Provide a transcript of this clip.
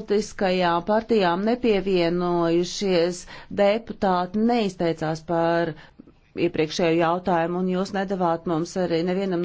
Politiskajām partijām nepievienojušies deputāti neizteicās par iepriekšējo jautājumu, un jūs nedavāt mums arī nevienam